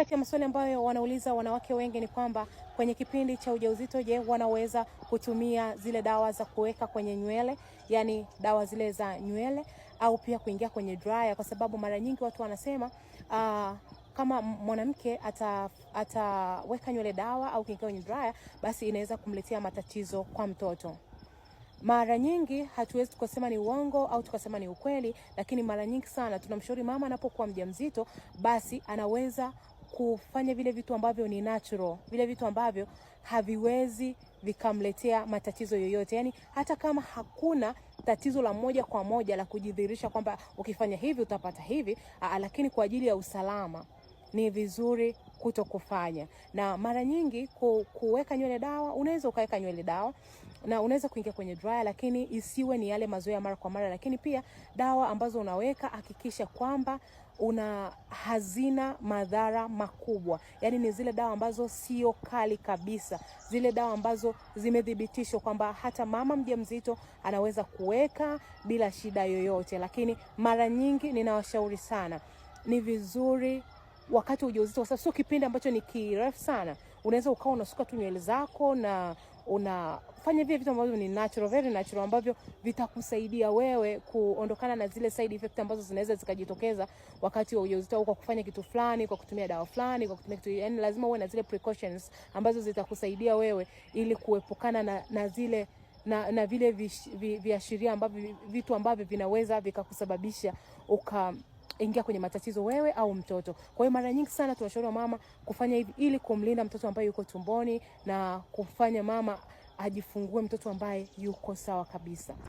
Kati ya maswali ambayo wanauliza wanawake wengi ni kwamba kwenye kipindi cha ujauzito, je, wanaweza kutumia zile dawa za kuweka kwenye nywele, yani dawa zile za nywele au pia kuingia kwenye dryer? Kwa sababu mara nyingi watu wanasema uh, kama mwanamke ataweka ata nywele dawa au kuingia kwenye dryer, basi inaweza kumletea matatizo kwa mtoto. Mara nyingi hatuwezi tukasema ni uongo au tukasema ni ukweli, lakini mara nyingi sana tunamshauri mama anapokuwa mjamzito, basi anaweza kufanya vile vitu ambavyo ni natural, vile vitu ambavyo haviwezi vikamletea matatizo yoyote. Yani hata kama hakuna tatizo la moja kwa moja la kujidhihirisha kwamba ukifanya hivi utapata hivi, lakini kwa ajili ya usalama ni vizuri kuto kufanya. Na mara nyingi ku, kuweka nywele dawa, unaweza ukaweka nywele dawa na unaweza kuingia kwenye dryer, lakini isiwe ni yale mazoea mara kwa mara. Lakini pia dawa ambazo unaweka hakikisha kwamba una hazina madhara makubwa, yaani ni zile dawa ambazo sio kali kabisa, zile dawa ambazo zimethibitishwa kwamba hata mama mjamzito anaweza kuweka bila shida yoyote. Lakini mara nyingi ninawashauri sana, ni vizuri wakati wa ujauzito, kwa sababu sio kipindi ambacho ni kirefu sana. Unaweza ukawa unasuka tu nywele zako na unafanya vile vitu ambavyo ni natural, very natural, ambavyo vitakusaidia wewe kuondokana na zile side effect ambazo zinaweza zikajitokeza wakati wa ujauzito, au kwa kufanya kitu fulani, kwa kutumia dawa fulani, kwa kutumia kitu yani, lazima uwe na zile precautions ambazo zitakusaidia wewe ili kuepukana na, na zile na, na vile viashiria vi, vi ambavyo vitu ambavyo vinaweza vikakusababisha uka ingia kwenye matatizo wewe au mtoto. Kwa hiyo mara nyingi sana tunashauri mama kufanya hivi ili kumlinda mtoto ambaye yuko tumboni na kufanya mama ajifungue mtoto ambaye yuko sawa kabisa.